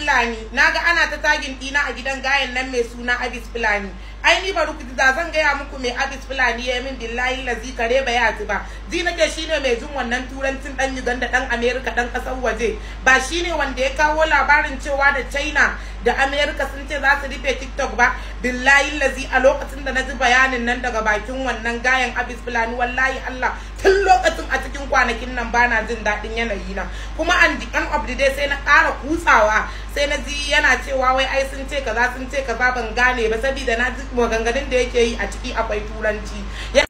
Fulani naga ana ta tagin dina a gidan gayan nan mai suna Abis Fulani ai ni ba ku da zan gaya muku mai Abis Fulani ya min billahi lazi kare ba ya ba ji nake shine mai jin wannan turancin dan Uganda dan America dan kasar waje ba shine wanda ya kawo labarin cewa da China da America sun ce za su rufe TikTok ba billahi lazi a lokacin da na ji bayanin nan daga bakin wannan gayan Abis Fulani wallahi Allah tun lokacin kwanakin nan bana jin daɗin yanayi na kuma an di an of the day sai na ƙara kutsawa sai na ji yana cewa wai ai sun ce kaza sun ce kaza ban gane ba saboda na ji maganganun da yake yi a ciki akwai turanci